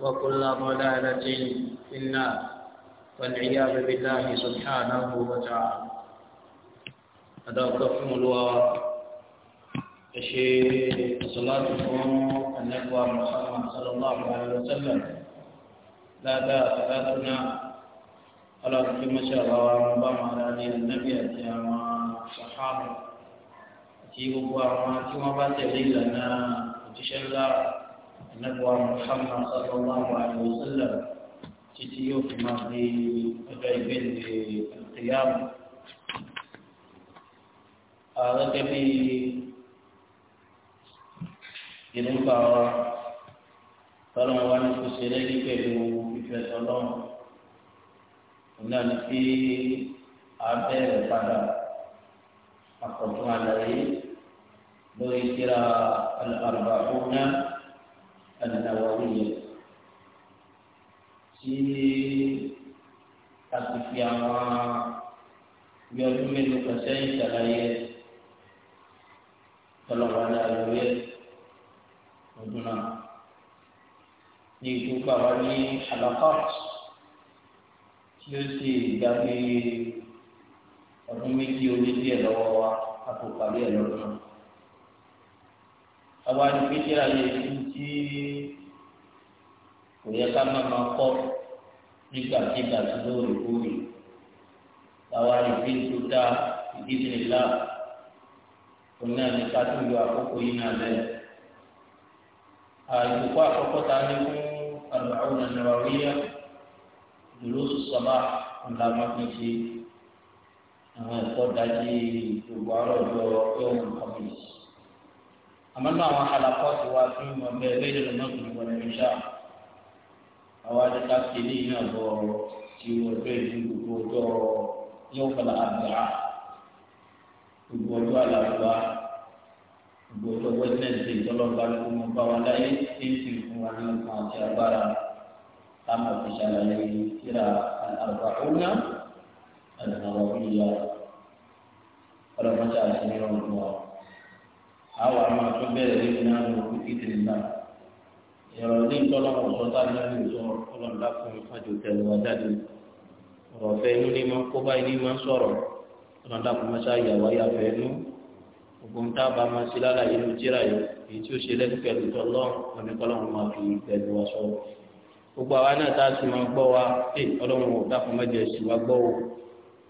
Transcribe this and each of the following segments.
وكل ضلالة في النار والعياذ بالله سبحانه وتعالى أدعوكم الله أشهد الصلاة النبوة محمد صلى الله عليه وسلم لا لا ثلاثنا على كل ما شاء الله ومبام على النبي يا صحابة أتيبوا وما تيما باتي لنا وتشلّا النبوة محمد صلى الله عليه وسلم تتيو في ماضي قريبين للقيام هذا كبي ينفع فلما وانا كسيريني كبيرو بفات الله هنا نفي أبير فادا أقلتنا عليه إيه؟ لو يترى الأربعون النووية في àti fi àwọn bí ọdún mélòó kan sẹ́yìn ṣàlàyé tọ́lọ́wọ́ aláàlóyè ọdún náà ní ìdúgbò àwọn ní alakọ́t tí ó sì gbàgbé ọdún méjì omi díẹ̀ lọ́wọ́ wa àpò ẹ̀ lọ́dún náà. àwọn àdìgbé àyè ìlú tí kò yẹ ká má máa kọ́ nígbàkigbà tó lóòrèkóòrè táwa lè fi tó dá ìdíje ńlá òun náà ní ká tó yọ àkókò yìí náà lẹ́yìn. àìsùkú àkọ́kọ́ ta ní fún àrùbáwò nàìjíríà dùlóṣù sọ́bà ńlá máa àwọn ẹ̀kọ́ dájú gbogbo àrọ̀jọ ẹ̀wọ̀n kọ́mìnì àmọ́ náà àwọn alakọ́sí wa fún ọbẹ̀ ẹgbẹ́ ìlú náà kò wọlé níṣà àwọn adìka sí ilé iná bọ̀ tí ọjọ́ ìlú gbogbo ọjọ́ yóò fọlá àgbà gbogbo ọjọ́ àlàfà gbogbo ọjọ́ wẹ́tẹ́ẹ̀sì ìtọ́lọ́gba ló mọ bá wa láyé tí ń sì fún wa ní nǹkan àti agbára táwọn fi ṣàlàyé síra àlàfà ọ̀nà àti àwọn ìyá ọlọ́mọdé àti ìrọ̀rùn wa àwọn àmọ́ tó bẹ̀rẹ̀ lẹ́yìn náà ló fi kéde náà ìrọ̀lẹ́ ní ìtọ́lọ́mọ̀ sọ́tà lẹ́yìn ìtọ́ ọlọ́dà fún mi fájú tẹ̀lé wa jáde ọ̀rọ̀ fẹ́ inú ní máa ń kó báyìí ní máa ń sọ̀rọ̀ ọlọ́dà fún mi sáyà wáyà fẹ́ inú ogun tá a bá máa ṣe lára inú jíra yìí èyí tí ó ṣe lẹ́sìn pẹ̀lú tọ́lọ́ọ̀ ọ̀nìkọ́lọ́mọ̀ máa fi pẹ̀lú wa sọ̀rọ̀ gbogbo àwa náà tá a sì máa gbọ́ wa ẹ ọlọ́run ò dákun mẹ́jọ ẹ̀sìn wa gbọ́ o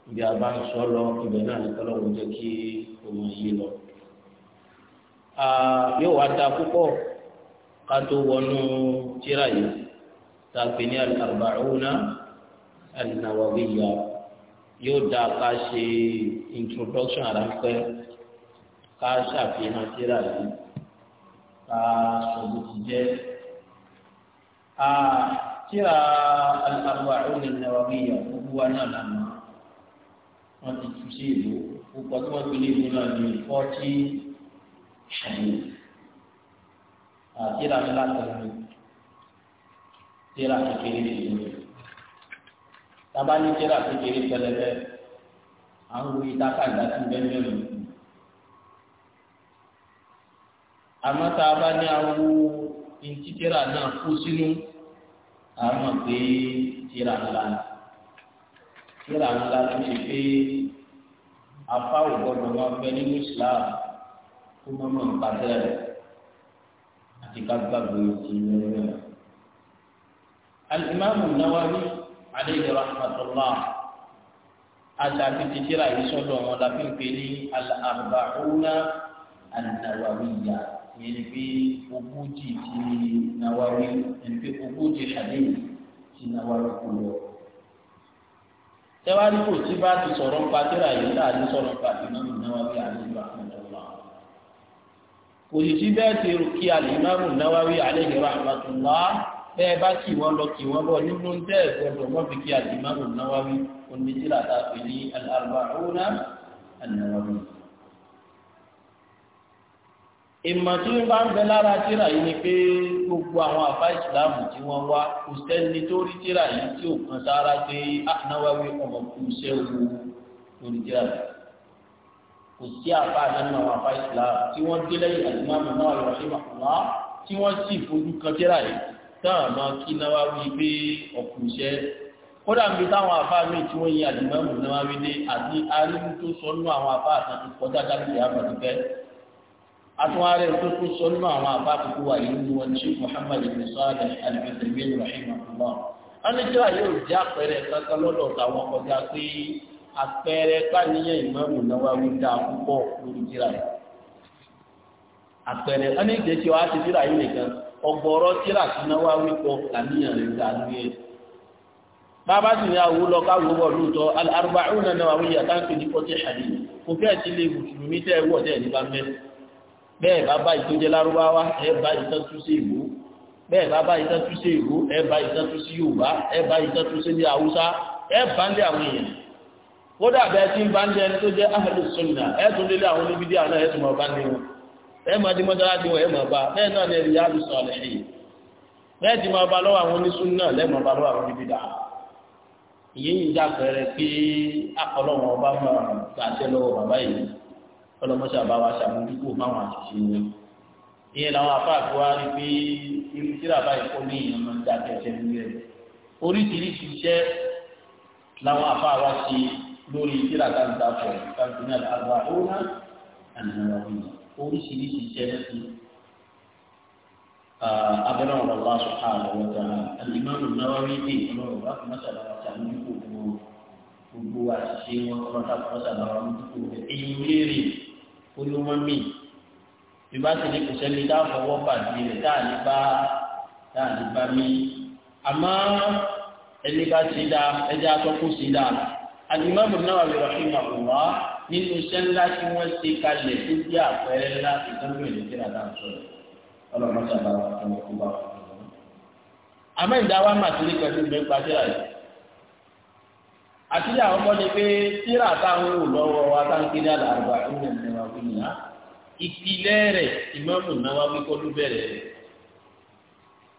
ibi àbá ń sọ lọ ibẹ̀ náà ní ọlọ́run jẹ́ kí òun yé lọ yóò wá da púpọ̀ ká tó wọnú tíra yìí tá a ní al-arba'una an-nawawiyya yóò da ká ṣe introduction àràpẹ́ ká ṣàfihàn tíra yìí ká sọ̀bù ti jẹ́ tíra al-arba'una an-nawawiyya gbogbo wa náà lànà wọn ti tu sí ìlú púpọ̀ tí wọ́n gbé ní ìlú náà ní fọ́tí ṣẹlẹ̀ àtìrà mi láti rìn tìrà kékeré sí mi tábà ní tìrà kékeré pẹlẹbẹ à ń wo ìdáka ìdásí bẹ́ẹ̀ mi àmọ́ tá a bá ní awo ntí tìrà náà kú sínú àmọ́ pé tìrà ńlá tìrà ńlá tó ṣe pé afáwò gbọ́dọ̀ wọn fẹ́ nínú Islam kó má má pa tẹ́lẹ̀ àti ká gbàgbé ìlú rẹ̀. alimami Nawawi aleyhi rahmatulah àtàfi titira yìí sọ́dọ̀ wọn la fi ń pè ní al-arba'una an-nawawiyya yẹn pé ogójì ti Nawawi yẹn pé ogójì hadith ti Nawawi kò lọ tẹwàá ní kò tí bá ti sọ̀rọ̀ ń pa tẹ́lá yìí tá a ti kò sì sí bẹ́ẹ̀ ti rò kí alìmọ́mù náwáwí alayhi rahmatullah bẹ́ẹ̀ bá kí wọ́n lọ kí wọ́n bọ̀ nínú tẹ́ ẹ̀gbọ́dọ̀ wọ́n fi kí alìmọ́mù náwáwí onídìrà tàbí ní al-arba'una an-nawawi. ìmọ̀ tí wọ́n bá ń bẹ lára tíra yìí ni pé gbogbo àwọn àbá ìsìláàmù tí wọ́n wá kò sẹ́ni tó rí tíra yìí tí ò kan sára pé náwáwí ọmọ sẹ́wọ́ lórí kò sí àbá àdánù àwọn àbá islam tí wọ́n dé lẹ́yìn àdìmọ́mù náà lọ sí màkàlá tí wọ́n sì fojú kan jẹ́ra yìí táwọn àmọ́ kí náwá wí pé ọkùnrin iṣẹ́ kódà ń bi táwọn àbá mi tí wọ́n yin àdìmọ́mù náà wí dé àti arínú tó sọ nínú àwọn àbá àtàkùn kọjá dákìlì àbàdùkẹ́ àtúwárẹ̀ tó tún sọ nínú àwọn àbá àtàkùn wà yìí ní wọn ṣe Muhammad ibn Salih àpẹẹrẹ káníyàn ìmọ̀mù Nawawi dá púpọ̀ lórí tírà yìí àpẹẹrẹ wọn ní ìdẹ́sí wa ti tírà yìí nìkan ọgbọ̀rọ̀ tírà tí Nawawi kọ káníyàn rẹ̀ dá lórí ẹ̀ bàbá sì ní àwọn olùkọ́ àwọn olùkọ́ lóòótọ́ al-arba'una Nawawiyya táǹkì ní kọ́tí ṣàlì kò fẹ́ ti lè mùsùlùmí tẹ́ wọ̀ tẹ́ ní bá mẹ́ bẹ́ẹ̀ bàbá ìtọ́jẹ́ lárúbáwá ẹ bá ìtọ́jú sí ìwò bẹ́ẹ̀ ìwò ẹ bá ìtọ́jú Yorùbá ẹ bá ìtọ́jú ní Haúsá ẹ bá ń lé àwọn èèyàn kódà bẹ́ẹ̀ tí ń bá ń jẹ ẹni tó jẹ́ ahlu sunna ẹ̀tún lélẹ̀ àwọn oníbi díà náà ẹ̀tún máa bá ní wọn ẹ̀ máa di mọ́tàlá di wọn ẹ̀ máa bá bẹ́ẹ̀ náà ní ẹ̀rí yálù sọ̀rọ̀ ẹ̀yìn bẹ́ẹ̀ ti máa bá lọ́wọ́ àwọn onísúnnà lẹ́mọ̀ bá lọ́wọ́ àwọn oníbi dà ìyẹn yìí já pẹ̀rẹ̀ pé akọlọ́wọ́ ọba máa gbàṣẹ lọ́wọ́ bàbá lórí tíra tá n ta pọ̀ kàtúnyà àgbà ọ̀nà ànàmọ̀ ọ̀nà oríṣiríṣi iṣẹ́ lẹ́sìn. abẹ́rẹ́ ọ̀rọ̀ wa subhanahu wa ta'ala alimami Nawawi dè ọlọ́run wa kò mọ́sàlá wa sàmójúkò gbogbo gbogbo àṣìṣe wọn kọ́ mọ́sàlá wa sàmójúkò gbogbo èyí léèrè olúmọ́mì bíbá sì ní kò sẹ́ni tá a fọwọ́ pàdé rẹ̀ tá bá mi àmọ́ ẹni bá ti dáa ẹja tó sí dáa alimami náà lè rọ̀ṣì màkùnmá nínú iṣẹ́ ńlá tí wọ́n ṣe kalẹ̀ tó jẹ́ àpẹẹrẹ ńlá ìtọ́jú ìlú tí nàdá ń sọ̀rọ̀ ọlọ́run ṣe àbára wa fún ọkùnrin wa. àmọ́ ìdá wa máa tẹ̀lé pẹ̀lú ìgbẹ́ pàṣẹ àyè. àti àwọn ọmọ ni pé tíra táwọn ò lọ́wọ́ wa tá ń kiri àlàáfà ìpìlẹ̀ rẹ̀ ìmọ̀mù náà wá wí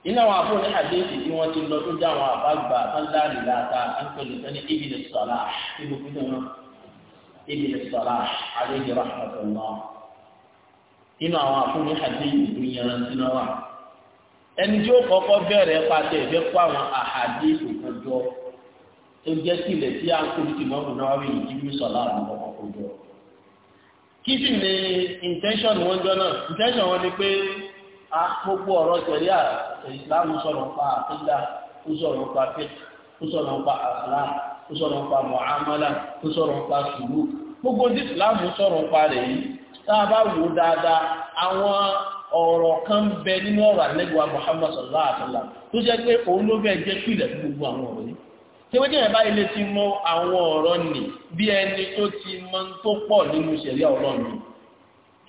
iná àwọn afọ ní àdéhùn tí wọ́n ti lọ tó dá àwọn àbágbà ńláàrí láta ńpẹ̀lú sani Ibn Salah ibi kúndé wọn Ibn Salah alayhi rahmatullah iná àwọn afọ ní àdéhùn tó yẹn rántí náà wà ẹni tí ó kọ́kọ́ bẹ̀rẹ̀ pàtẹ ìfẹ́ kó àwọn àhàdé ìkójọ tó jẹ́ sílẹ̀ tí a ń kó ti mọ́mù náà rí ìdíbí sọ̀lá àwọn ọkọ̀ jọ. kí sì ni intention wọn jọ náà intention wọn ni pé a gbogbo ọ̀rọ̀ tẹ̀lé à ìsìlámù sọ̀rọ̀ nípa àkídà ó sọ̀rọ̀ nípa fẹ́ ó sọ̀rọ̀ nípa àṣàlá ó sọ̀rọ̀ nípa mọ̀hámálà ó sọ̀rọ̀ nípa sùúrù gbogbo ní ìsìlámù sọ̀rọ̀ nípa rẹ̀ yìí tá a bá wò dáadáa àwọn ọ̀rọ̀ kan bẹ nínú ọ̀rọ̀ àlẹ́gbẹ̀wá Muhammad sallallahu alaihi wasallam tó jẹ́ pé òun ló bẹ́ẹ̀ jẹ́ pìlẹ̀ fún gbogbo àwọn ọ̀rọ̀ yìí tẹ́wé jẹ́ ìbá ilé ti mọ àwọn ọ̀rọ̀ nì bí ẹni tó ti mọ tó pọ̀ nínú ìṣẹ̀lẹ̀ ọlọ́run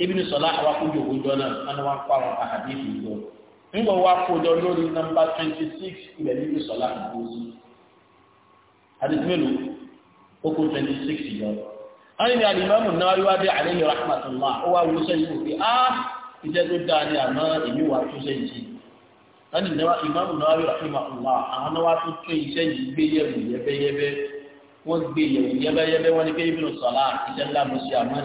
ibinu sọlá àwọn akójọ òjò náà wọn wá kó àwọn àhàdé ìdúró ńgbọ wá kójọ lórí nọ́mbà twenty six ilẹ̀ ibinu sọlá àdúgbò sí àdúgbò mélòó ó kó twenty six yọ. wọ́n ní alimami Nawawi wá dé alayhi rahmatullah ó wá wúlò sẹ́yìn òfin á ìjẹ́ tó dáa ní àná èmi wà tó sẹ́yìn sí. wọ́n ní imamu Nawawi rahmatullah àwọn náà wá tó tó iṣẹ́ yìí gbé yẹ̀wò yẹ́bẹ́yẹ́bẹ́ wọ́n gbé yẹ̀wò yẹ́bẹ́yẹ́bẹ́ wọ́n ní pé ibinu sọlá ìjẹ́ ńlá mo ṣe àmọ́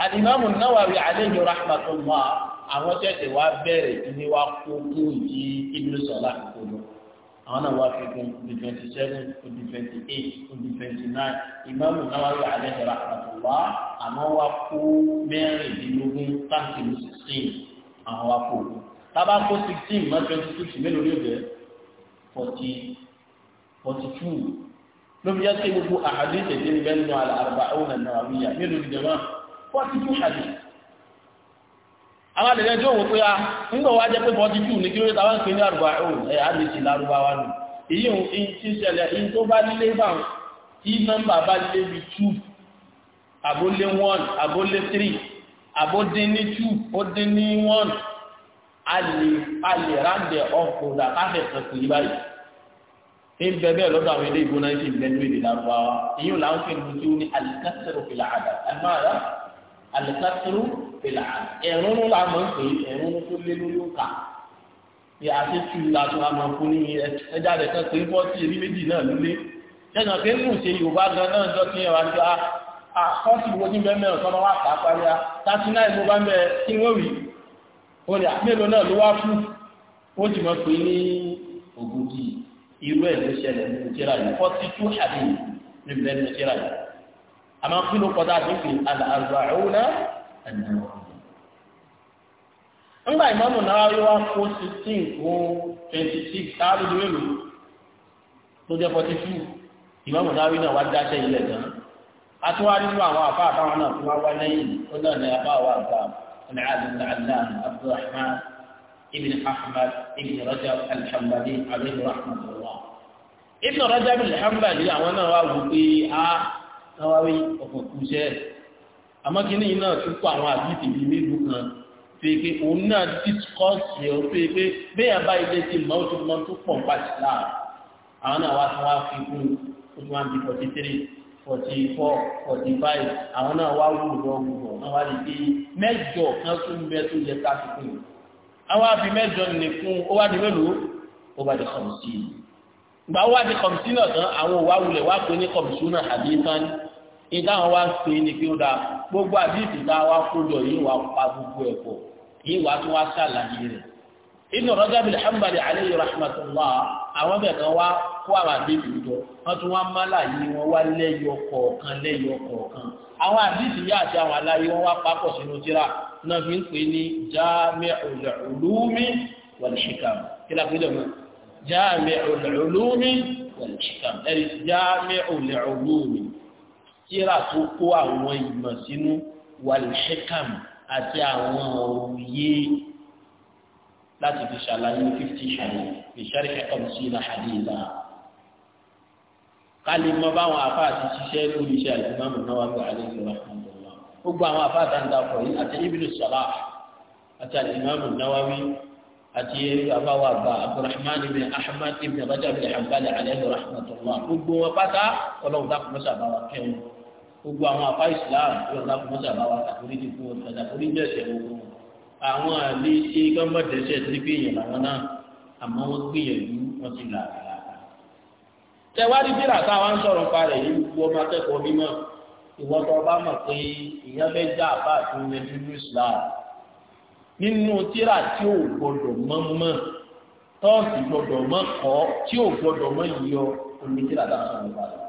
Al-Imam An-Nawawi alayhi rahmatullah àwọn tẹ̀sẹ̀ wá bẹ̀rẹ̀ ilé wa kó kó yìí Ibn Salah kó lọ àwọn náà wá fi kún di twenty seven kó di twenty eight kó di twenty nine Imam An-Nawawi alayhi rahmatullah àwọn wá kó mẹ́rìndínlógún táǹkì ní sixteen àwọn wá kó tábà kó sixteen mọ́ twenty six mélòó ló jẹ́ forty forty lóbi yá sí gbogbo àhàdí tẹ̀sẹ̀ bẹ́ẹ̀ nù al-arba'un an-nawawiyya mélòó ló jẹ́ náà. 42 hadith àwọn àdẹ̀dẹ̀ tí ó wò pé a ah, nígbà wá jẹ́ pé 42 ní kí ló tàbá ń pè ní àrùbá òun ẹ̀yà àdìsí lárúbáwá nù èyí òun tí ń ṣẹlẹ̀ in tó bá lé bá tí nọ́mbà bá lé bí 2 àbólé 1 àbólé 3 àbódín ní 2 ó dín ní 1 a lè ráńdẹ̀ ọkọ̀ làkàfẹ̀ kan pè báyìí ń bẹ bẹ́ẹ̀ lọ́dọ̀ àwọn ilé ìgbóná ń ṣe ìgbẹ́nu èdè alikasiru bìlà ẹ̀rún la máa ń pè é ẹ̀rún tó lé lórí òkà ní àti tù láti wà máa fún ní ẹja rẹ̀ kan pé fọ́tí èrí méjì náà lólé ẹnà pé nù ṣe yorùbá gan náà jọ kí ẹwà jọ àkọ́sí ah, ah, wo ní bẹ́ẹ̀ mẹ́rin wà tà parí tàbí náà mo bá mẹ́ kí wọ́n rí o ní àpélò ah, náà ló wá fún ó sì mọ̀ pé ní ògùn yìí irú ẹ̀ ló ṣẹlẹ̀ nínú tíra yìí fọ́tí tù àdéhùn níbi lẹ́nu tíra yìí àmọ́ kí ló kọ́ dáa nípe al-arba'una an-Nawawi. ńgbà Imam Nawawi wá kó sixteen fún twenty six táàbù ní mélòó tó jẹ́ forty two Imam Nawawi náà wá dáṣẹ́ ilẹ̀ gan. a tún wá nínú àwọn àfa àtàwọn náà tó wá wá lẹ́yìn ó náà ní apá àwọn àgbà ọ̀nà àdìsí àdìsí Abdurrahman ibn Ahmad ibn Rajab al-Hanbali ibn Rajab al àwọn náà wá wù pé a. Ah, sáwárí ọkàn kú iṣẹ́ àmọ́ kí ní iná tún kọ àwọn àbíìtì bíi mélòó kan pèpè òun náà discourse yẹn pèpè bẹ́ẹ̀ bá ilé ti mọ́ tó mọ́ pọ̀ pàṣẹ àwọn náà wá tún wá fi kún ó tún wá bí forty three four forty five àwọn náà wá wù lọ wù lọ wọn wá lè dé mẹ́jọ kan tún bẹ tó yẹ ká fi di mélòó ó di kọ̀mùsí gbà di kọ̀mùsí náà tán àwọn òwá wulẹ̀ wá pé ìdáhùn wa ṣe ni kí ó dáa gbogbo àdìsí náà wá kójọ yìí wá pa gbogbo ẹ̀ pọ̀ yìí wá tún wá ṣàlàyé rẹ̀ inú Rajab al-Hanbali alayhi rahmatullah àwọn bẹ̀rẹ̀ kan wá kó àwọn àdìsí jọ wọ́n tún wá má láàyè wọn wá lẹ́yọ kọ̀ọ̀kan lẹ́yọ kọ̀ọ̀kan àwọn àdìsí yá àti àwọn aláyé wọn wá papọ̀ sínú tíra náà fi ń pè ní Jami'ul Ulumi wal Hikam kí Jami'ul Ulumi wal Hikam tíra tó kó àwọn ìmọ̀ sínú wàlúṣẹ́kàm àti àwọn òye láti fi ṣàlàyé fifty ṣàlẹ̀ ìṣẹ́rẹ́ ẹ̀kọ́m sí ilà àdìlà. kálí mọ báwọn afá àti ṣiṣẹ́ lórí iṣẹ́ àìsàn náà wà ní àlejò rahmanullah gbogbo àwọn afá àti àǹdà pọ̀ yìí àti ibnu salah àti al-Imam an-Nawawi àti àbáwọ̀ àgbà abdulrahman ibn ahmad ibn rajab ibn hanbali alayhi rahmatullah gbogbo wọn pátá ọlọ́run dákúmọ́sà bá wa kẹ́wọ́n gbogbo àwọn àfa islam tí wọn dákú mọ́tà bá wa kàkórí ti fún wọn kàkórí ń dẹ̀sẹ̀ gbogbo àwọn àlè ṣe gánbà dẹ̀sẹ̀ tí gbìyànjú làwọn náà àmọ́ wọ́n gbìyànjú wọ́n ti là àlàkà. tẹ̀wádìí bí làtà wa ń sọ̀rọ̀ pa rẹ̀ yìí wọ́n máa kẹ́kọ̀ọ́ mímọ́ ìwọ́n tó bá mọ̀ pé ìyá fẹ́ já àbá àti oúnjẹ nínú islam nínú tíra tí ò gbọdọ̀ mọ́ mọ́ tọ́ọ̀sì gbọdọ̀ mọ́ kọ́ tí ò gbọdọ̀ mọ́ yíyọ omi tíra dáhùn sọ̀rọ̀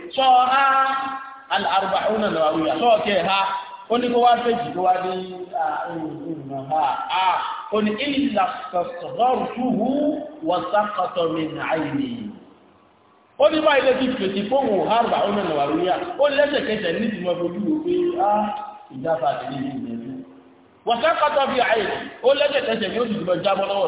sọ ha al-arba'una nawawiyya sọ kẹ́ ha ó ní kó wá fèjì kó wá ní ọ̀hún ha a ó ní ìlà sọ̀rọ̀tùhù wọ́sàkọ̀tọ̀ mi nàáyìí ó ní báyìí lè fi fèjì fóònù harba ó nà nawawiyya ó lẹ́sẹ̀kẹsẹ̀ ní ìmọ̀ fojú wò pé a ìjábà àtẹ̀lé ìgbìyànjú wọ́sàkọ̀tọ̀ bí àyè ó lẹ́sẹ̀kẹsẹ̀ ní oṣù tó jábọ́ lọ́wọ́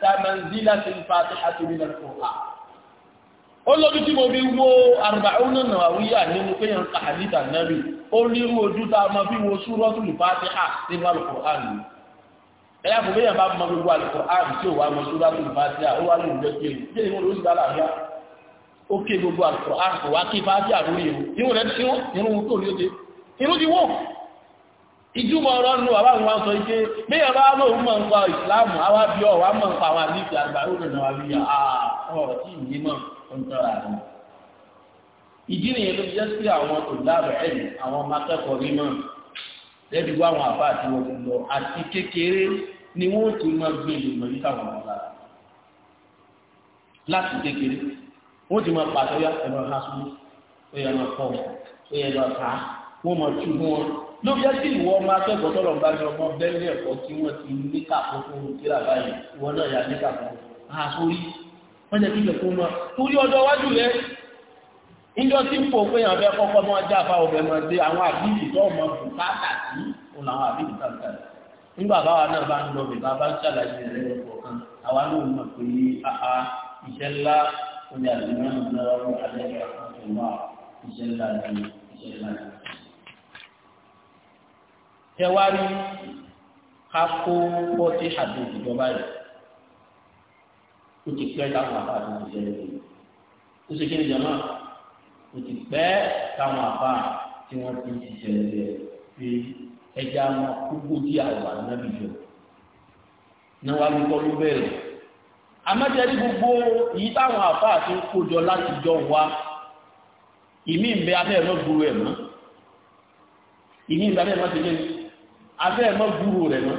kamanzilatil fatihati minal Qur'an olóbi tí mo fi wo Arba'una Nawawiyya nínú pé yàn ká hadith Ànábì ó ní irú ojú tá a máa fi wo Suratul Fatiha nínú Al-Qur'an ni ẹ̀yà fún bẹ́yàn bá mọ gbogbo Al-Qur'an tí ó wà mọ Suratul Fatiha ó wà ní ìjọ kí èyí tí èyí ló ń gbà láàrín ó ké gbogbo Al-Qur'an kò wá kí Fatiha lórí ìrù irú rẹ̀ tí wọ́n irú tó ní ó ti irú ti wọ́n ìjúmọ̀ ọ̀rọ̀ nù àwọn àwọn àwọn sọ ike bẹ́ẹ̀ bá lóun mọ̀ ń pa ìsìláàmù àwa bí ọ̀ wá mọ̀ ń pa àwọn àlejò àgbà ó lọ́nà wa bí ah, ọ̀ tí ì ní mọ̀ ń tọ́ra rẹ̀. ìdí nìyẹn ló jẹ́ sí àwọn tó dáàbò ẹ̀mí àwọn ọmọ akẹ́kọ̀ọ́ mímọ̀ lẹ́bi wá àwọn àbá àti wọn lọ àti kékeré ni wọ́n ti máa gbé ló yẹ kí ìwọ ọmọ akẹ́kọ̀ọ́ tọ́lọ̀ bá ní ọmọ bẹ́ẹ̀ni ẹ̀kọ́ tí wọ́n ti ní kàkókò kíra báyìí ìwọ náà yà ní kàkókò àkórí ah, wọ́n jẹ́ kí ìjọ kó máa torí ọjọ́ wájú rẹ̀ ìjọ tí ń pò pé àwọn ẹ̀kọ́ kọ́ máa já bá ọbẹ̀ máa dé àwọn àbíyì tó ọmọ bùkátà sí òun làwọn àbíyì kàkà nígbà báwa náà bá ń lọ tẹwárí kakó bọ́ọ̀tì àti ìjọba rẹ̀ ó ti pẹ́ táwọn àbá àti ìṣẹ̀lẹ̀ rẹ̀ ó ṣe kí ni jọ̀mọ́ ó ti pẹ́ táwọn àbá tí wọ́n ti ṣiṣẹ́ rẹ̀ fi ẹja wọn kúkú tí àwọn ànábì jọ náà wàá lóko ló bẹ̀rẹ̀ amẹ́tẹ́rí gbogbo yìí táwọn àbá àti kójọ láti jọ wá ìmí ń bẹ abẹ́rẹ́ náà gbúrú ẹ̀ mọ́ ìmí ń bẹ abẹ́rẹ́ náà ti lé abẹ́ ẹ̀ mọ́ gbúrò rẹ̀ mọ́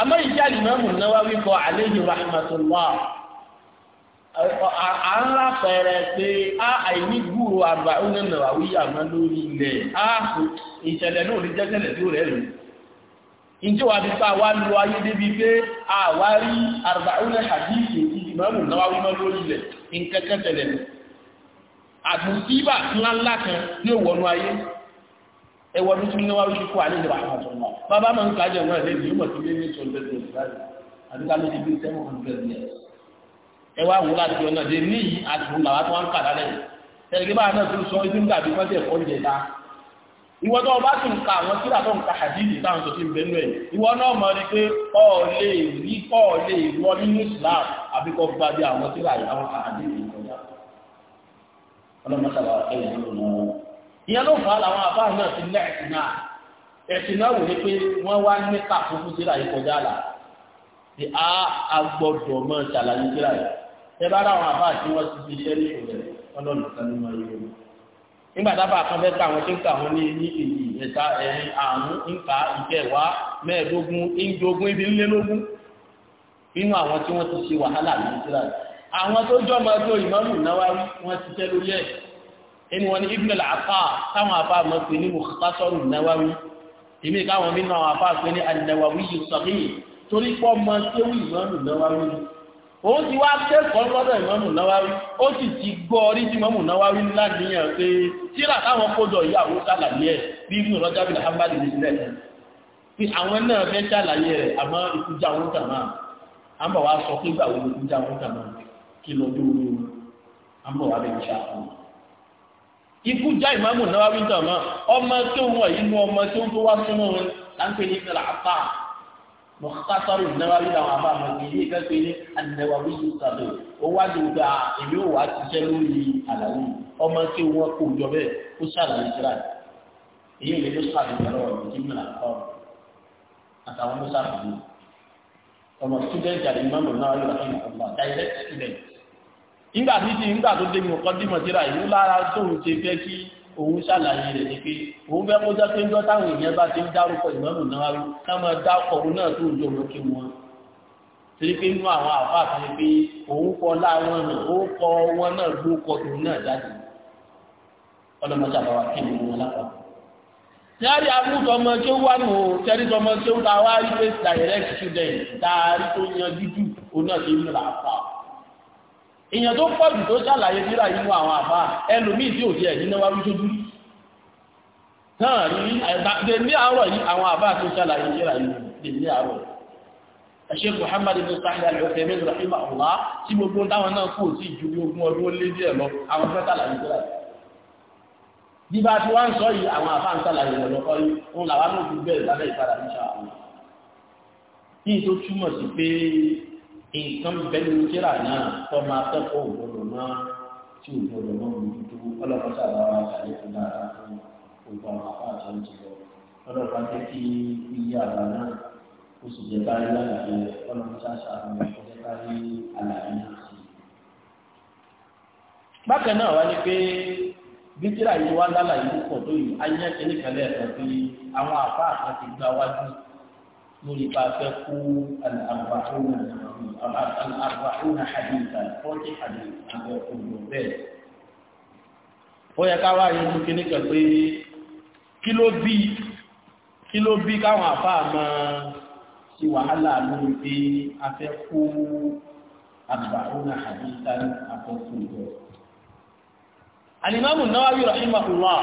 àmọ́ ìjà ìmọ̀mù Nawawi kọ àlejò rahmatullah à ń lá pẹ̀rẹ̀ pé a àìní gbúrò àgbà ọ̀nà Nawawi àmọ́ lórí ilẹ̀ a ìṣẹ̀lẹ̀ náà lè jẹ́jẹ̀lẹ̀ tí ó rẹ̀ rẹ̀ ìjọ wa ti pa wá lo ayé débi pé a wá rí àrùbáúnlẹ̀ hadithi ti ìmọ̀mù Nawawi mọ́ lórí ilẹ̀ nǹkan kẹtẹ̀lẹ̀ àdùnsíbà ńláńlá kan ní òwòrán ayé ẹwọ bí tún níwáwí ṣe kú àlejò àpàtọ̀ náà bàbá máa ń kájọ náà lè yíwọ̀ tí lé ní tó lẹ́sẹ̀ ìsìláàlì àdúgbà ló ti bí seven hundred years ẹwà àwọn láti ọ náà dé ní yìí àtùkù làwọn tó wá ń kà lálẹ́ tẹ̀lẹ́gẹ́ bá náà tún sọ ibi ń dàbí wọ́n tẹ̀ fọ́n jẹ dá ìwọ tó ọba tún ka àwọn kíra tó ń ka hadith táwọn tó ti ń bẹ nú ẹ ìwọ náà mọ ni pé ọ lè rí ọ nínú Islam àbí kọ gbadé àwọn kíra àwọn hadith ìkọjá ìyẹn ló fà á làwọn àbá náà ti lẹ́ ẹ̀sìn náà ẹ̀sìn náà wò ni pé wọ́n wá ní kàfó fún síra yìí kọjá là ti á agbọ́dọ̀ mọ́ ṣàlàyé síra yìí ẹ bá dáwọn àbá tí wọ́n ti fi iṣẹ́ ní ìṣòro ọlọ́run kan ní máa yọ nígbà tá a bá kan fẹ́ ká àwọn tí ń kà wọ́n ní ní èyí ẹ̀ta ẹ̀rin àrùn ńkà ìkẹwàá mẹ́ẹ̀ẹ́dógún ìjogún ibi ńlélógún nínú àwọn tí wọ́n ti ṣe wàhálà ní ìṣẹ́lá àwọn tó jọ́ máa tó ìmọ̀lù náwárí wọ́n ti tẹ́ lórí ẹ̀ ẹni wọn ni ibn al-afa táwọn afa mọ̀ pé ní mukhtasar an-nawawi èmi káwọn mi náà afa pé ní an-nawawi as-saghir torí pọ́ mọ séwì ìmọ̀nù náwáwí ó ti wá kẹ́kọ̀ọ́ lọ́dọ̀ ìmọ̀nù náwáwí ó sì ti gbọ́ orí tí mọ̀mù náwáwí ńlá nìyẹn pé tíra táwọn kójọ ìyàwó sàlàyé ẹ̀ bí ibùdó lọ́jà bí hamadi ní sílẹ̀ fi àwọn náà fẹ́ sàlàyé rẹ̀ àmọ́ ìkújà wọn kàmá à ń sọ pé ìgbà wo ìkújà wọn kàmá kí lọ bí orí bẹ̀ ń ṣàkóso ikú já ìmáàmù náà wí dàn mọ́ ọmọ tó ń wọ̀ yìí mú ọmọ tó ń tó wá súnmọ́ wọn láńpẹ́ ní ìfẹ́ làbá mọ̀kátàrù náà wí làwọn àbá mọ̀ ní ilé ìfẹ́ ní ànẹ́wà wí yìí sàdọ̀ ó wá lè gba ah, èmi ò wá ti jẹ́ lórí àlàyé ọmọ tó wọn kò jọ bẹ́ẹ̀ ó ṣàlàyé síra èyí ìlé ló ṣàlàyé lọ́wọ́ ìdíjìmọ̀ làkọ́ àtàwọn ló ṣàlàyé ọmọ student àti ìmáàmù náà wí làwọn àbá direct student nígbà tí ti nígbà tó débi ọkọ dìmọ̀ síra yìí lára tó ń ṣe fẹ́ kí òun ṣàlàyé rẹ̀ ni pé òun fẹ́ kó jẹ́ pé ńjọ́ táwọn èèyàn bá ti ń dárúkọ ìmọ̀mù náà rí ká máa dárúkọ òun náà tó ń jọ lókè wọn torí pé inú àwọn àfáà kan pé òun direct student dáa rí tó yan dídú èèyàn tó pọ̀ jù tó ṣàlàyé síra inú àwọn àbá ẹlòmíì tí ò tiẹ̀ nínú wa wí sójú náà rí ẹ̀dàgbé ní àárọ̀ yìí àwọn àbá tó ṣàlàyé síra inú ní àárọ̀ Sheikh Muhammad ibn Sahih al-Uthaymeen rahimahullah tí gbogbo táwọn náà kò sí ju ogún ọdún ó lé díẹ̀ lọ àwọn fẹ́ ṣàlàyé síra yìí bí bá ti wá ń sọ yìí àwọn àbá ń ṣàlàyé lọ́kọ́ yìí òun làwọn náà fi bẹ́ẹ̀ lábẹ́ nǹkan bẹ́ẹ̀ kíra náà tó máa tẹ́kọ̀ọ́ òbòrò náà tí òbòrò náà mú dúdú ọlọ́pàá sábà wà fún dáadáa fún gbogbo àwọn apá àti oúnjẹ lọ ọlọ́pàá jẹ́ kí iye àbá náà ó sì jẹ́ kárí lálàyé ọlọ́pàá sáṣà àwọn jẹ́ kárí àlàyé náà sí. bákan náà wá ní pé bí lórí pàṣẹ kú àlàbàhùnà hadithan fọ́tí hadith àbẹ̀ òjò bẹ́ẹ̀. ó yẹ ká wáyé ní kí ní kẹ pé kí ló bí kí ló bí káwọn àfáà máa ṣe wàhálà lórí pé a fẹ́ kú àlàbàhùnà hadithan àbẹ̀ òjò. Al-Imam rahimahullah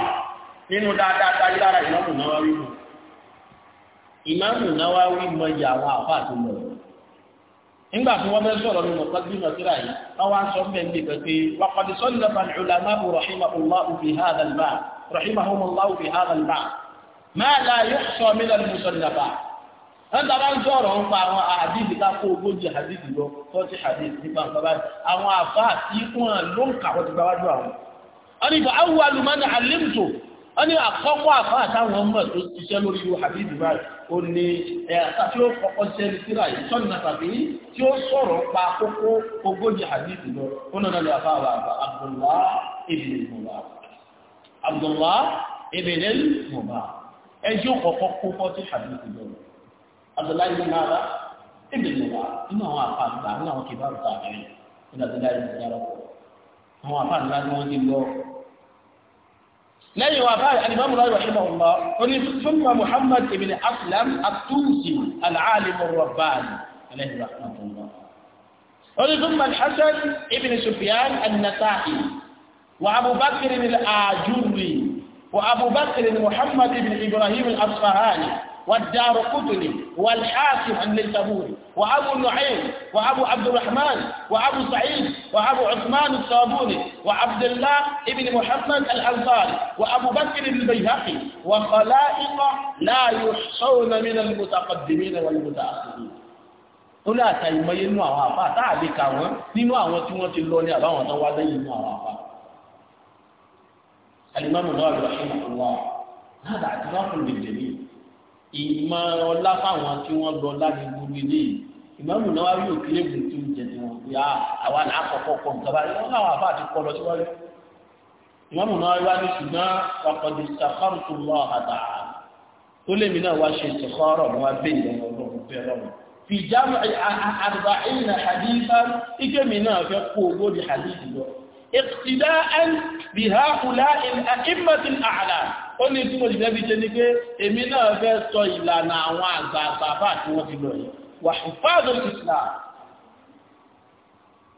nínú dáadáa táyé lára Imam An-Nawawi ìmáàmù Nawawi mọ iye àwọn àfa àti mọ̀ nígbà tí wọ́n fẹ́ sọ̀rọ̀ nínú kọ́jú nàìjíríà yìí wọ́n wá sọ bẹ́ẹ̀ níbi pẹ̀pẹ́ wàkàdì sọ́lá bá ìlànà bò rahimahullahu fi hadha al-ba' rahimahumullahu fi hadha al-ba' ma la yuhsa min al-musannafa ẹ̀ta bá ń sọ̀rọ̀ ń pa àwọn àdìsí ká kó ogójì àdìsí lọ fọ́tí àdìsí nípa àwọn àfa àti wọ́n ti wọ́n ní àkọ́kọ́ àfáà táwọn ọmọ tó ṣiṣẹ́ lórí ìlú habibu báyìí ó ní ẹ̀ka tí ó kọ́kọ́ ṣiṣẹ́ ní síra yìí sọ́nà tàbí tí ó sọ̀rọ̀ pa kókó ogójì habibu lọ ó nana lè àfáà wà àbá abdullah ibn mubarak abdullah ibn mubarak ẹjọ́ kọ́kọ́ kókó tí habibu lọ abdullah ibn mubarak ibn mubarak nínú àwọn àfáà gbà nínú àwọn kìbáàrù tààrí nínú àwọn àfáà ńlá ni wọ́n ti lọ لأي وفاة الإمام الله رحمه الله ثم محمد بن أسلم التوسي العالم الرباني عليه رحمة الله ثم الحسن بن سفيان النتائي وأبو بكر الآجري وأبو بكر محمد بن إبراهيم الأصفهاني والدار قطني والحاكم النيسابوري وأبو النعيم وأبو عبد الرحمن وأبو سعيد وأبو عثمان الصابوني وعبد الله بن محمد الأنصاري وأبو بكر البيهقي وخلائق لا يحصون من المتقدمين والمتأخرين ó lé àtà ìmọye inú àwọn àfa àtààdé ka wọn nínú àwọn tí wọn ti lọ ní àbáwọn tó wá lẹ́yìn inú ìmọ̀ ọlá fáwọn tí wọ́n lọ láti gbúrú ilé yìí ìmọ̀mù náà yóò kílé bù tí ó jẹ tí wọ́n fi àwa náà kọ̀kọ́ kọ̀ nǹkan báyìí wọ́n láwọn àbá àti kọ́ lọ síwájú ìmọ̀mù náà wá ní ṣùgbọ́n pàpàdé sàkọ́rù tó lọ àdá tó lémi náà wá ṣe ìṣẹ̀kọ́rọ̀ wọn bẹ́ ìlànà ọlọ́run bẹ́ẹ̀ lọ́rùn fi jámù ìnà àdìsá ìkémi náà fẹ́ kó ogójì àdìsí lọ iqtida'an bi ha'ula'i al-a'immati al-a'lam ó ní tí mo jìnà bí jẹ́ ní pé èmi náà fẹ́ sọ ìlànà àwọn àgbààgbà bá tí wọ́n ti lọ yìí wà hufadu al-islam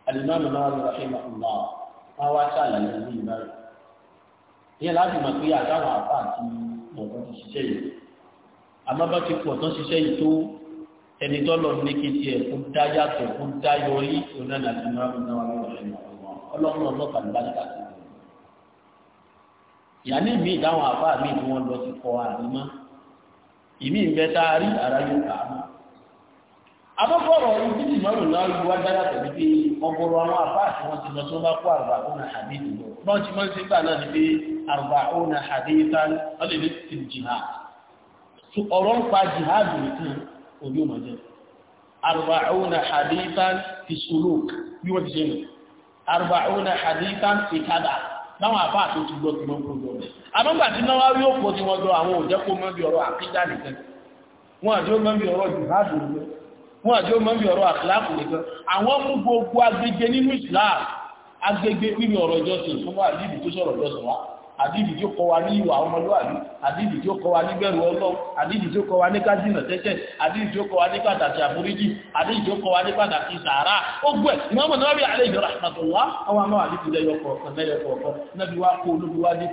al-imam Nawawi rahimahullah wọ́n wá ṣàlàyé ní ìbáyé ìyẹn láti mọ̀ pé àtàwọn àpá àti ọ̀gbọ́n ti ṣiṣẹ́ yìí àmọ́ bá ti pọ̀ tán ṣiṣẹ́ yìí tó ẹni tọ́lọ̀ ní kí tiẹ̀ kó dá yàtọ̀ kó dá yọrí òun náà láti máa ń náwó àwọn ọ̀rẹ́ náà ọlọ́run ọlọ́pàá ló bá ní ìyáni mi ìdáhùn àbá mi ni wọ́n lọ sí kọ àrímá ìmí ìbẹ́ta rí ara yóò kà á mọ́ mọ́rùn wá dára pẹ̀lú pé àwọn àbá àti wọ́n ti lọ bá kó lọ ti mọ́ sí gbà náà ni pé àrùbà òun àhàdìdì tán ọlẹ́lẹ́ arba'una hadithan fi kada báwọn àbá àti oṣù gbọ́ gbọ́ gbọ́ rẹ̀ àbọ̀gbà tí náwó rí òpó tí wọ́n jọ àwọn òjẹ́ kó mọ́ bí ọ̀rọ̀ àkídá nìkan wọn àjọ mọ́ bí ọ̀rọ̀ jihad nìkan wọn àjọ mọ́ bí ọ̀rọ̀ àkíláàkù nìkan àwọn mú gbogbo agbègbè nínú Islam agbègbè nínú ọ̀rọ̀ ìjọsìn fún wa níbi tó sọ̀rọ̀ ìjọsìn wa àdìdì tí ó kọ́ wa ní ìwà ọmọlúwàbí àdìdì tí ó kọ́ wa ní bẹ̀rù ọlọ́run àdìdì tí ó kọ́ wa ní kájínà tẹ́tẹ́ àdìdì tí ó kọ́ wa ní pàtàkì àforíjì àdìdì tí ó kọ́ wa ní pàtàkì sàárà ó gbẹ muhammed rabi aleyhi rahmatullah àwọn amáwà ní ti lẹyọ kọ̀ọ̀kan lẹyọ kọ̀ọ̀kan nábì wa kó olóbi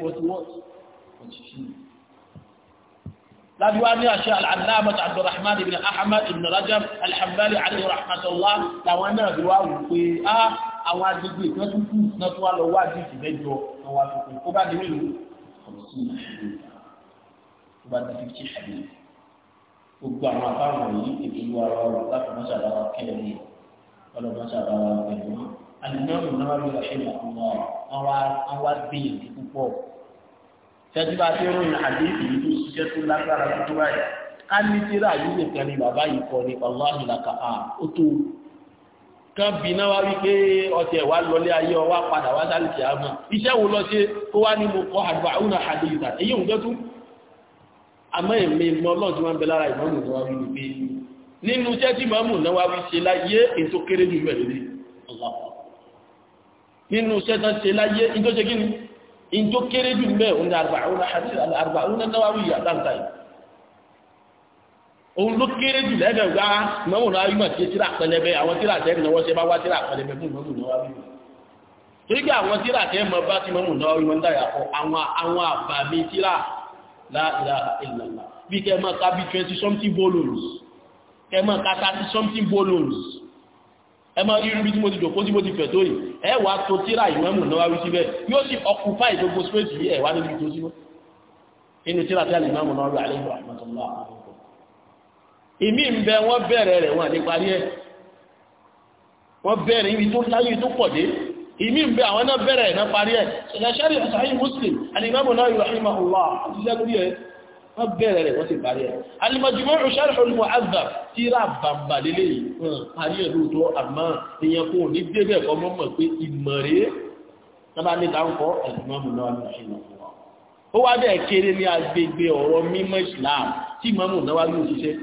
àwọn agbègbè tí wọ́n tún kú náà tó wá lọ wá àdìsí mẹ́jọ náà wá tó kú kó bá dé mélòó ọ̀rọ̀ sí ìṣòro tó bá dé fífi ṣàlẹ̀ gbogbo àwọn afáwọn yìí èdè ìwà ara ọ̀rọ̀ láti mọ́ ṣàdáwà kẹ́ẹ̀lì ọlọ́mọ ṣàdáwà pẹ̀lú alìmọ́ọ̀mù náà ló ṣe ìmọ̀ àwọn agbèyànjú púpọ̀ tẹ́tí bá ti rún àdéhùn yìí tó ṣiṣẹ́ tó lágbára tó báyìí ká ní tíra yìí nìkan ni bàbá yìí kọ ní ọlọ́ọ̀hìn làkàá ó tó kan bí náà wá wípé ọtí ẹ̀wà lọlé ayé ọwá padà wá sáré tí a mọ̀ iṣẹ́ wo lọ ṣe kó wá ní mo kọ́ àdúrà òun náà àdé ìgbà èyí òun jẹ́ tún àmọ́ èmi mọ ọlọ́run tí wọ́n ń bẹ lára ìmọ̀mù náà wá wí wípé nínú iṣẹ́ tí ìmọ̀mù náà wá wí ṣe láyé ètò kéré jù rẹ̀ lórí nínú iṣẹ́ tán ṣe láyé ìjọ́ ṣe kí òun ló kéré jù lẹ́gbẹ̀ gbá ìmọ̀mù náà yíma tí tíra pẹlẹbẹ àwọn tíra tẹ́ ìnáwọ́ ṣe bá wá tíra pẹlẹbẹ fún ìmọ̀mù náà wí torí pé àwọn tíra tẹ́ mọ bá tí ìmọ̀mù náà yíma ń dáyà kọ àwọn àbàmì tíra la ilaha illallah bí kẹ mọ́ ká bí twenty something volumes kẹ mọ́ ká thirty something volumes ẹ mọ́ irú bí tí mo ti jòkó tí mo ti fẹ̀ tó yìí ẹ wà tó tíra ìmọ̀mù náà wí síbẹ̀ yóò sì occupy ìdógó space yìí ẹ wà níbi tó sí mọ́ inú tíra tẹ́ ìmí ń bẹ wọ́n bẹ̀rẹ̀ rẹ̀ wọ́n àti parí ẹ̀ wọ́n bẹ̀rẹ̀ ibi tó láyé tó pọ̀ dé ìmí ń bẹ àwọn náà bẹ̀rẹ̀ náà parí ẹ̀ ṣẹlẹ̀ṣẹ́rì ọ̀sáyí muslim alìmọ́bù náà yóò rahimah allah àti lẹ́gbẹ̀rí ẹ̀ wọ́n bẹ̀rẹ̀ rẹ̀ wọ́n sì parí ẹ̀ alìmọ̀jùmọ́ ìṣẹ́rì olùmọ̀ azà tí ra bàbà lélẹ̀ yìí parí ẹ̀ lóòótọ́ àmọ́ èèyàn kò ní débẹ̀ kọ́ mọ́ mọ̀ pé ìmọ̀rẹ́ náà ní dáńkọ́ alìmọ́bù náà yóò rahimah allah ó wá dẹ̀ kéré ní agbègbè ọ̀rọ̀ mímọ́ islam tí mọ́mù náà wá ní òṣìṣẹ́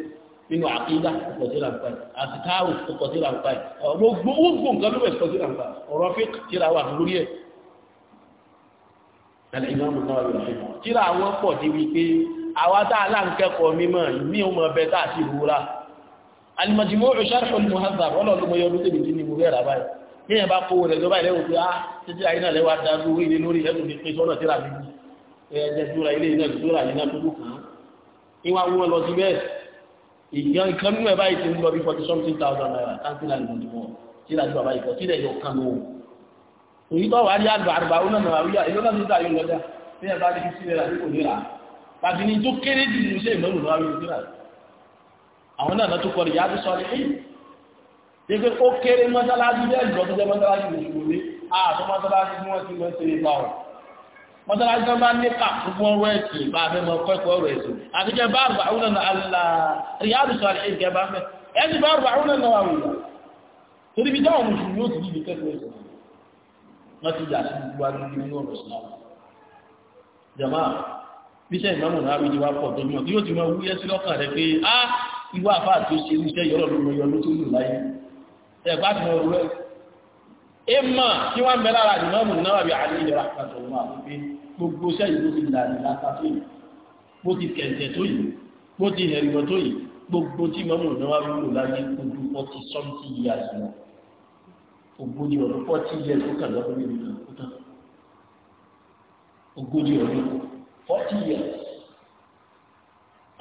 nínú àkídá ọkọ̀tí ràǹpà àtikáàrù ọkọ̀tí ràǹpà ọ̀rọ̀ gbogbo nǹkan ló bẹ̀rẹ̀ ọkọ̀tí ràǹpà ọ̀rọ̀ fíkì tíra wà lórí ẹ̀ ẹ̀lẹ́ ìmáàmù náà yọ̀ sí tíra àwọn pọ̀ dé wípé àwa tá a láǹkẹ́kọ̀ọ́ mímọ̀ ní ọmọ ọbẹ̀ tá a ti rúra alimọ̀jìmọ́ ìṣàrùfọ̀ ní mohamed ọlọ́ọ̀lọ́mọ yọ ọdún tèmi ní mo rẹ̀ rà báyìí ìyàn ìkan nínú ẹ̀ báyìí ti ń lọ bí forty something thousand naira káńtì náà lòdì mọ́ tí ìlànà bàbá ìkọ̀ tí ìlẹ̀ yọ kan lò. òyìn tó wà ní àgbà àgbà ó nànà àwíyá ìlú náà ti dàyọ lọ́jà bí ẹ bá ní sí rẹ̀ àdúgbò nira tàbí ní tó kéré jù ní iṣẹ́ ìmọ̀lù náà wíwú nira. àwọn náà tó kọrin yáa tó sọ ní ẹ̀yìn. ṣé pé ó kéré mọ́sálásí bẹ́ẹ̀ lọ́tọ́jẹ́ mọ́sálásí mọ́sálásí tó bá nípa gbogbo ọ̀rọ̀ ẹ̀sìn bá abẹ́ mọ́ kọ́kọ́ ọ̀rọ̀ ẹ̀sìn àtijọ́ bá àrùbá àwọn ọ̀nà àlà ríyàdù sọ àlẹ́ ìjẹba mẹ́ ẹ̀sìn bá àrùbá àwọn ọ̀nà àwọn ìyá torí bí táwọn mùsùlùmí ó ti di ìkẹ́kọ̀ọ́ ẹ̀sìn wọ́n ti yà sí gbogbo agbègbè nínú ọ̀rọ̀ sí náà jama bíṣẹ́ ìmáàmù náà rí ìwà pọ̀ tó mọ̀ tí yóò ti mọ wúyẹ́ sí lọ́kàn rẹ̀ pé á ìwà àfáà tó ṣe iṣẹ́ yọ̀rọ̀ ló yọ ló tó lù láyé ẹ̀gbá ti mọ̀ rẹ̀ ẹ̀ mọ̀ tí wọ́n ń bẹ lára ìmáàmù náà rí àlè ìjọba àtàtọ̀ wọn àti pé gbogbo sẹ́yìn ló ti dàrí láta tó yìí bó ti kẹ̀ǹtẹ̀ tó yìí bó ti hẹ̀rìmọ̀ tó yìí gbogbo tí mọ́mọ́ náà wá wúlò láyé ojú ọtí sọ́ńtì yìí àìsàn ògbóni ọdún fọ́tí yẹ tó kàn lọ́dún yìí nìkan kó tán ògbóni ọdún fọ́tí yẹ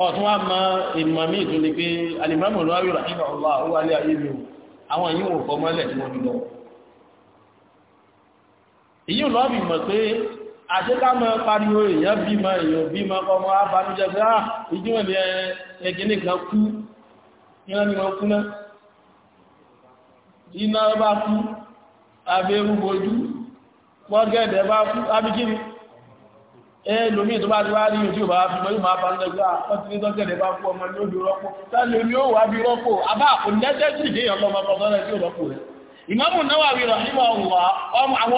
ọ̀tún wá máa ìmọ̀ mí ìtún pé alìmọ́mù lọ́wọ́ yóò ràkínà ọlọ́ àwọn alẹ́ ayé mi àwọn yìí wò fọ́ mọ́lẹ̀ tí wọ́n bí lọ èyí lọ́ọ́ bí àṣekámọ́ pariwo èèyàn bímọ èèyàn bímọ ọmọ abánújẹ́ pé ah ìdíwọ̀n ní ẹgbẹ̀ni kan kú ìran ni wọ́n kú náà iná bá kú abẹ́rú bojú pọ́gẹ́dẹ̀ bá kú abíkírí ẹlòmí tó bá ti wá rí ojú bá fi mọ́ yóò máa bá ń lẹ́gbẹ́ àpọ́tílẹ́gẹ́dẹ̀ ah, bá kú ọmọ ní ó bí rọ́pò tẹ́lẹ̀ ní ó wà bí rọ́pò àbá kò lẹ́tẹ́sì àwọn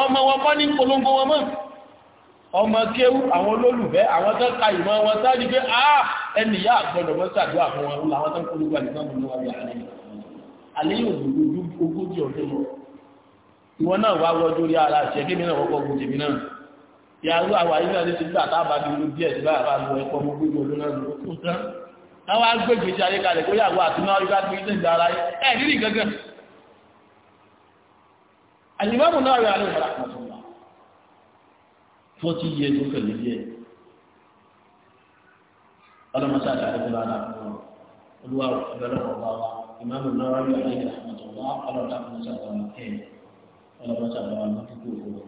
ọmọ wọn kọ́ ní polongo wọn mọ́ ọmọ kéwú àwọn olólùfẹ́ àwọn tó ka ìmọ̀ wọn sáájú pé a ah, ẹni yá àgbọ̀dọ̀ wọ́n ṣàdúrà fún wọn làwọn tó ń kó lóko àdìsán mú lọ́wọ́ àlẹ́ àlẹ́ yóò dùn lójú ogójì ọdún lọ ìwọ náà wá wọ́n dórí ara àti ẹgbẹ́ mi náà wọ́pọ̀ gùn tèmi náà ìyàwó àwọn ayé náà ti gbà tá a bá di irú díẹ̀ síbá àbá lọ ẹ̀kọ́ ọmọ ogójì ọdún náà lọ kó tán táwọn agbègbè ti ayé kó yàgò àti náà rí bá gbé ìgbà ara ẹ̀ nílì gángan àlìmọ́mù náà rí alẹ́ ìfọ̀rọ̀ forty years ó pẹ̀lú díẹ̀ ọlọ́mọṣẹ́ àtàkùn lára olúwa ìbẹ̀rẹ̀ ọ̀gá wa ìmáàmù náírà yóò ayé ìdààmú wa ọlọ́mọṣẹ́ àtàkùn ẹ̀ ọlọ́mọṣẹ́ àtàkùn àmọ́kíkó òkúrò.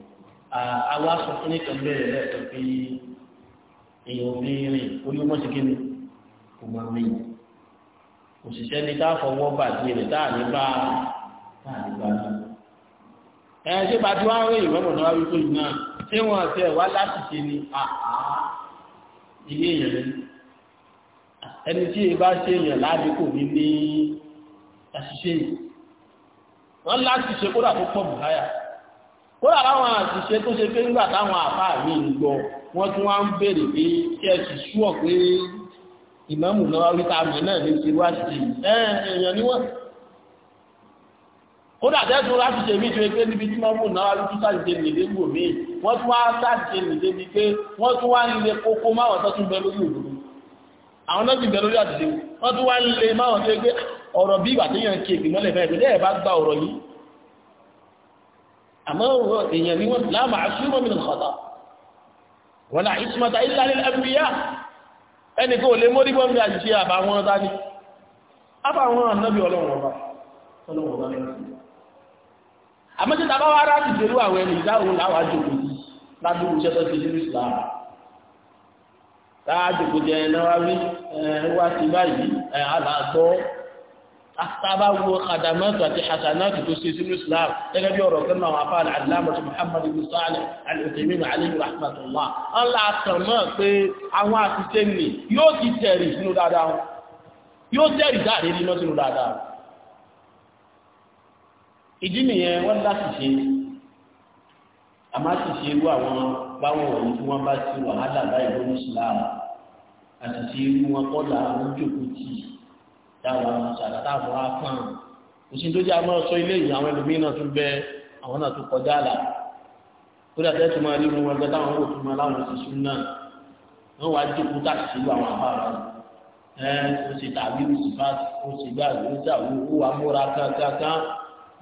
àwa sọ fún ní kan bẹ́ẹ̀ lẹ́ẹ̀kan pé èèyàn fi rìn oyún mọ́sí kí ni kò máa rìn òṣìṣẹ́ ni tá fọwọ́ bàjẹ́ rẹ̀ tá ní bá a ní bá a ẹ̀ ṣe bá tí wọ́n rí ìwọ́n mọ̀nà wáwí tó yìí náà tí wọ́n ṣe wá láti ṣe ni àà ilé èèyàn rẹ̀ ẹni tí èyí bá ṣe èèyàn láàbí kò ní ní àṣìṣe yìí wọ́n láti ṣe kódà tó pọ̀ bùkáyà kódà láwọn àṣìṣe tó ṣe pé nígbà táwọn àfáà mi ń gbọ́ wọ́n ìmọ̀mù náà wáwí tá ní ti wá ṣe èèyàn níwọ̀n kódà tẹ́sùn láti ṣe mí ṣe pé níbi tí wọ́n mú náà lójú sáà ṣe nìlé gbò mí wọ́n tún wá sáà ṣe nìlé ni pé wọ́n tún wá nílé kókó máwọn tó tún bẹ lórí òdòdó àwọn náà ti bẹ lórí àdìdè wọ́n tún wá nílé máwọn tó pé ọ̀rọ̀ bí ìgbà téèyàn ké ìgbìmọ̀ lẹ̀ fẹ́ẹ́ bá gba ọ̀rọ̀ yìí ẹnì kò lè mórí bọ́ mi àṣìṣe àbáwọn dání àbáwọn ànábì ọlọ́run ọba ọlọ́run ọba ní ọ̀sán àmọ́tí tàbá wá ráàtì pẹ̀lú àwọn ẹni ìdáhùn láwájú lábúrú ṣẹ́tọ́ ti nínú Islam láàjòkó jẹ náwárí wá sí báyìí aláàtọ́ àtàbá wo kàdàmọ́tò àti hasanáàtì tó ṣe sínú Islam gẹ́gẹ́ bí ọ̀rọ̀ kan náà afáàlì aláàmọ̀tò Muhammad ibn Salih al-Uthaymeen alayhi rahmatullah ńlá kan náà pé ìdí nìyẹn wọ́n láti ṣe àmá sì ṣe irú àwọn báwọn òní tí wọ́n bá ti wàhálà báyìí lórí Islam àti ṣe irú wọn kọ́là àwọn jòkó tì táwọn ṣàtàwọn afán òsì tó jẹ́ àmọ́ sọ ilé yìí àwọn ẹlòmíín náà tún bẹ àwọn náà tún kọjá àlà kódà tẹ́ tó máa rí wọn ẹgbẹ́ táwọn ò tún máa láwọn ṣiṣú náà wọ́n wá jòkó tà sí irú àwọn àbá rẹ̀ ẹ́ ó ṣe tàbí ó sì bá ó ṣe gbà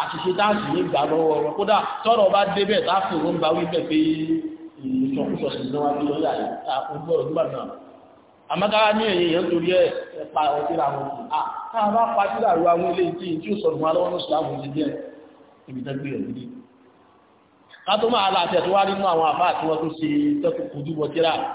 àṣìṣe dáàsì ní ìgbà lọ́wọ́ wọn kódà tọ́rọ̀ bá débẹ̀ láàfin òun bá wípé pé ìṣọ̀kúṣọ̀ sí náà bí lórí ojú ọ̀rọ̀ nígbà náà àmọ́kára ní èyí èyàn torí ẹ̀ pa ọ̀tíra wọn kù à káà bá pa tíra ru àwọn ilé tí tí ó sọ̀rọ̀ wọn lọ́wọ́ ní ìsìlámù ti díẹ̀ ibi tẹ́ gbé ọ̀gbìn ká tó máa la àtẹ̀ tó wá nínú àwọn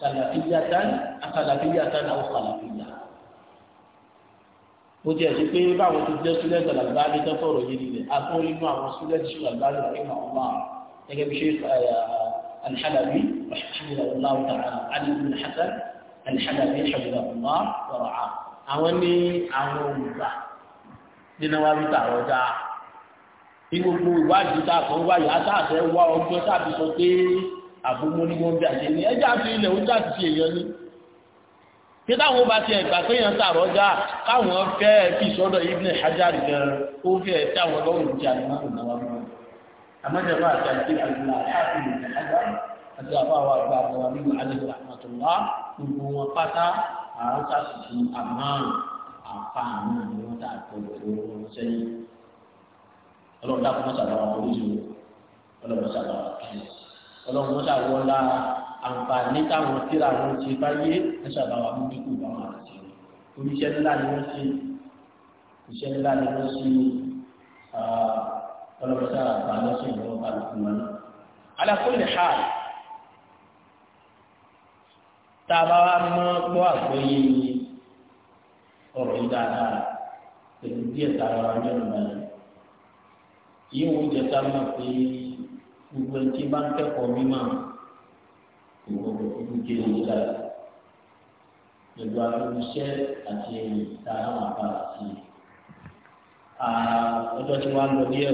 sàlàfíyàtàn àsàlàfíyàtàn àwọn sàlàfíyà ó ti ẹ̀sìn pé báwọn ti jẹ́ sílẹ̀tì àlàbáyé tó sọ̀rọ̀ yìí nílẹ̀ akọ́rin inú àwọn sílẹ̀tì àlàbáyé rẹ̀ ìmọ̀ ọ̀ma gẹ́gẹ́ bí ṣe eh, alḥalabi rahimahullahu ta'ala ali bin hasan alḥalabi rahimahullah wàrà àwọn ní àwọn olùgbà nínú wa wíta àwọn ọjà ní gbogbo ìwádìí tá a kàn wá ọjọ́ tàbí sọ pé àbúmú ní wọ́n bí àṣẹ ní ẹjá fi ilẹ̀ ó já ti èèyàn ní kí táwọn bá ti ẹ̀gbà pé èèyàn tààrọ̀ já káwọn fẹ́ fi sọ́dọ̀ ibn hajar gan ó fi ẹ̀ tí àwọn lọ́rùn ti àdúrà náà wà mọ́ àmọ́jọba àti àti àdúrà àti àdúrà àti àbáwá àgbà àbáwá nínú àdúrà àtọ̀lá gbogbo wọn pátá àwọn sàṣìṣì àmárùn àǹfààní ni wọ́n tà tó ìfowópamọ́ sẹ́yìn ọlọ́run dákúmọ́ sàbáwá oríṣiríṣi ọlọ́run sàbáwá kìí ọlọ́run mọ́tà wọlá àǹfààní táwọn tíra wọn ti báyé ẹ̀ṣọ́ àbáwá mójúkú báwọn àti oníṣẹ́ ńlá ni wọ́n ṣe iṣẹ́ ńlá ni wọ́n ṣe ọlọ́mọṣẹ́ àǹfààní ọ̀ṣẹ́ ìwọ́n bá lùkù wọn. alákòlè ha tá a bá wá mọ́ gbọ́ àgbọ́yé ọ̀rọ̀ yìí dáadáa pẹ̀lú díẹ̀ tá a rọra ní ọ̀nà yìí jẹ́ sáà mọ̀ pé gbogbo ẹni tí bá ń kẹ́kọ̀ọ́ mímọ́ ìwọ̀n ìlú kejì nígbà pẹ̀lú àtúnṣe àti ẹ̀yìn tá a máa bá a sí i. ọjọ́ tí wàá lọ díẹ̀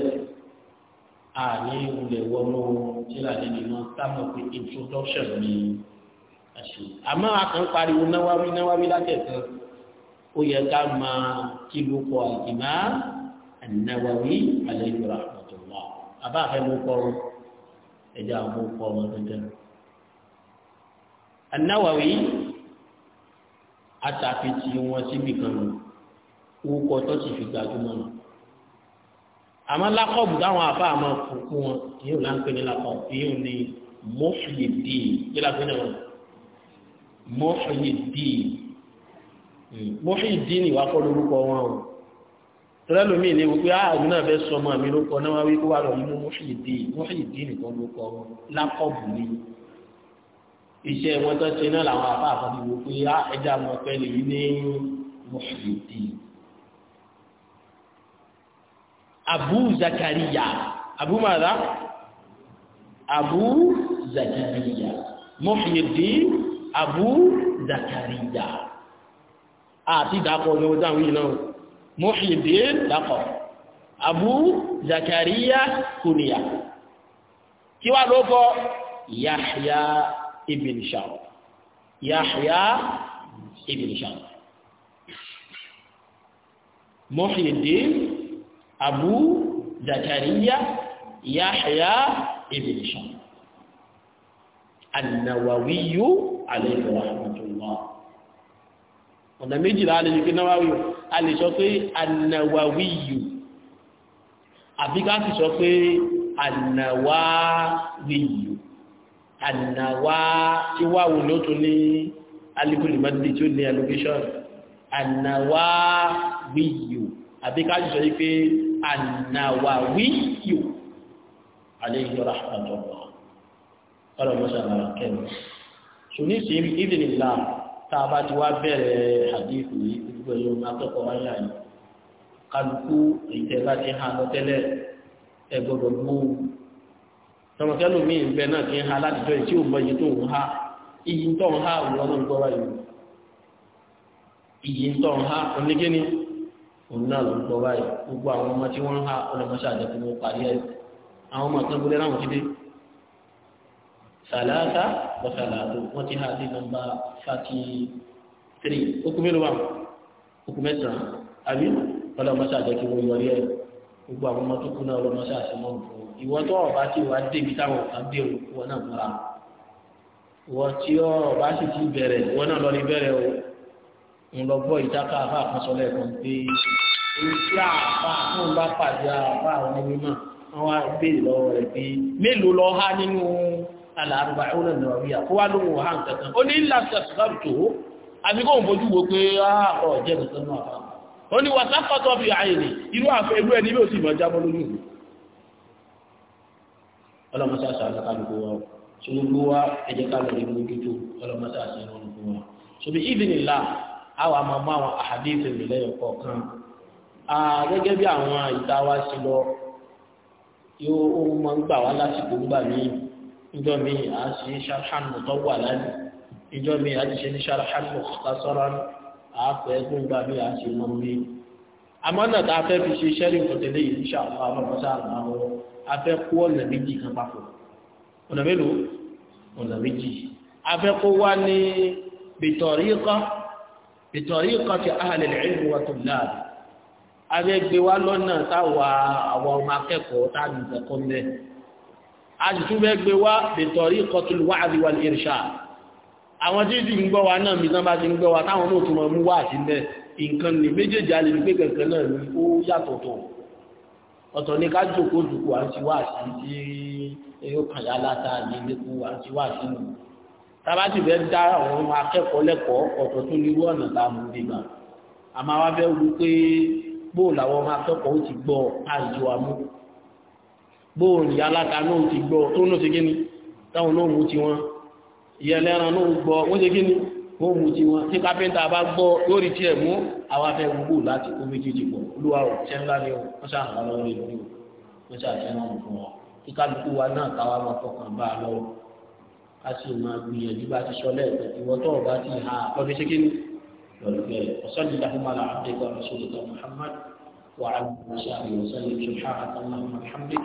àní ìwúlẹ̀ wọnú tíra nínú iná táwọn pé introduction ni a ṣe. àmọ́ akàn pariwo náwáwí náwáwí látẹ̀kọ́ ó yẹ ká máa kí ló kọ àgbìmá ànáwáwí alẹ́ ìjọra àtọ̀tọ̀ wa. àbá àfẹ́ ló kọ́ ẹjọ́ àwọn ọkọ̀ ọmọ dandan. anáwàwí àtàkìtì wọn síbi kan nù orúkọ tó ti fi gbajúmọ̀ nù. àmọ́ lákọ̀bù táwọn afá àmọ́ fòkú wọn yóò là ń pè ní lákọ̀bù yóò ní mọ́fìlìdì yóò lápẹ́ náà mọ́fìlìdì mọ́fìlìdì ni wàá kọ́ lórúkọ wọn o tọ́lá lómi ní wípé ààrùn ah, náà fẹ́ sọmọ mi ló kọ náà wípé wà lọ mú mọ́ṣíìdì mọ́ṣíìdì nìkan ló kọ lákọ̀bù ni iṣẹ́ wọn tó ṣe náà làwọn afá àfọ́bí wò pé ah, ẹja mọ̀ pẹ́ lè ní mọ́ṣíìdì. Abu Zakariya Abu mada Abu Zakariya mọ́ṣíìdì Abu Zakariya àti ìdákọ̀ ọ̀gbìn wọn táwọn yìí náà. Muhyiddin lakọ Abu Zakariya kuniya kí wàá ló kọ Yahya ibn Shara Yahya ibn Shara Muhyiddin Abu Zakariya Yahya ibn Shara An-Nawawi alayhi rahmatullah ọ̀nà méjìlá alẹ́ yìí kí náwáwí o a lè sọ pé anawawiyu àbí ká sì sọ pé anawawiyu anawa tí wà wù ló tún ní alikuli madidi tí ó ní allocation anawawiyu àbí ká sì sọ pé anawawiyu alayhi rahmatullah ọlọmọṣà àkẹwò ṣùgbọ́n tá a bá ti wá bẹ̀rẹ̀ àdéhùn yìí gbogbo ẹ̀yọ́ máa tọ́kọ̀ wáyà yìí kálukú èyí tẹ́ bá ti hàn lọ tẹ́lẹ̀ ẹ gbọ́dọ̀ gbó tọmọkẹ́lò mi ìbẹ náà ti ń ha látijọ́ ìtí ò mọ iye tó ń ha iye tó ń ha òun ọlọ́run gbọ́ wáyé iye tó ń ha onígẹ́ni òun náà ló ń gbọ́ wáyé gbogbo àwọn ọmọ tí wọ́n ń ha ọlọ́mọṣẹ́ àjẹkùn wọn parí ẹ̀ àwọn ọmọ sàlàtà wọ́sàlàtò wọ́n ti hàdí nọmba fati tiri okumiri wa okumẹta àbí ọlọmọsá àjẹkí wọn yọrí ẹ gbogbo àwọn ọmọ tó kú náà ọlọmọsá àṣemọ nǹkan ìwọ tó ọba tí wàá débi táwọn kan dé o wọn náà múra ìwọ tí ọba sì ti bẹ̀rẹ̀ wọn náà lọrí bẹ̀rẹ̀ o ń lọ bọ ìtaka àfa àkọsọlẹ kan pé èyí tí àfa àfún bá pàdé àfa àwọn ẹni náà wọn wá béèrè lọ́wọ́ rẹ̀ pé mélòó lọ há nínú al-arba'un an-nawawiyya kó wá lóhun ọ̀hán kankan ó ní lásàkàrù tó àbí kó ń fojú wo pé ah, ọ̀ jẹ́ kankan náà ó ní wà sákọ̀tọ̀ fi àyìnì inú àfẹ́ ìlú ẹni bí ó sì mọ̀ jábọ́ lójú ìlú ọlọ́mọsáàsá alákàlùkù wa ṣùgbọ́n wa ẹ̀jẹ̀ ká lórí mójútó ọlọ́mọsáàsá ìrọ̀lùkù wa ṣùgbọ́n ìdìnnìlá àwọn àmàmà àwọn àhàdíìsì ìrìnlẹ́yìn kọ̀ọ̀kan gẹ́gẹ́ bí àwọn ìdáwá sí lọ yóò máa ń gbà wá lásìkò ńgbà míì ìjọ mi a ṣe ní ṣarhan mutawwa lani ìjọ mi a ti ṣe ní ṣarhan mukhtasaran àápẹ́ tó ń gbà bí a ṣe mọ́ mi. àmọ́nà tá a fẹ́ fi ṣe iṣẹ́ nìkan tẹ̀lé yìí ní ṣàlùfáà ọlọ́mọṣá àgbáwọ́ a fẹ́ kó ọ̀nà méjì kan papọ̀ ọ̀nà mélòó ọ̀nà méjì a fẹ́ kó wá ní bitariqa bitariqa ti ahli al-ilm wa tullab a fẹ́ gbé wá lọ́nà táwa àwọn ọmọ akẹ́kọ̀ọ́ àtìtúbẹ̀ gbé wá bẹ̀tọ̀rí kọtùlù wá àdíwà ìrìṣà àwọn tí ìdí ń gbọ́ wa náà mìíràn bá ti ń gbọ́ wa táwọn náà tún mú wá àti mẹ́ nǹkan ní méjèèjì alẹ́ pé kẹ̀kẹ́ náà ní ó yàtọ̀tọ̀ ọ̀tọ̀ ní ká jòkó jùkú à ń ti wá sí fẹ́ wú pé bóòlù àwọn ọmọ akẹ́kọ̀ọ́ ti gbọ́ àjọ àmú bóòlì aláta náà ti gbọ́ tó náà ti gíní táwọn náà mú ti wọn ìyẹlẹ́ran náà gbọ́ wọ́n ti gíní wọ́n mú ti wọn tí kápẹ́ntà bá gbọ́ lórí tí ẹ̀ mú àwọn gbogbo láti kó méjèèjì pọ̀ olúwa ò tẹ́ ni wọ́n ṣe àwọn rẹ̀ lórí wọ́n ṣe àṣẹ náà fún wọn kí kálukú wa náà káwa máa fọkàn bá a lọ a sì máa gbìyànjú bá ti sọ وعلى آله وسلم سبحانك اللهم وبحمدك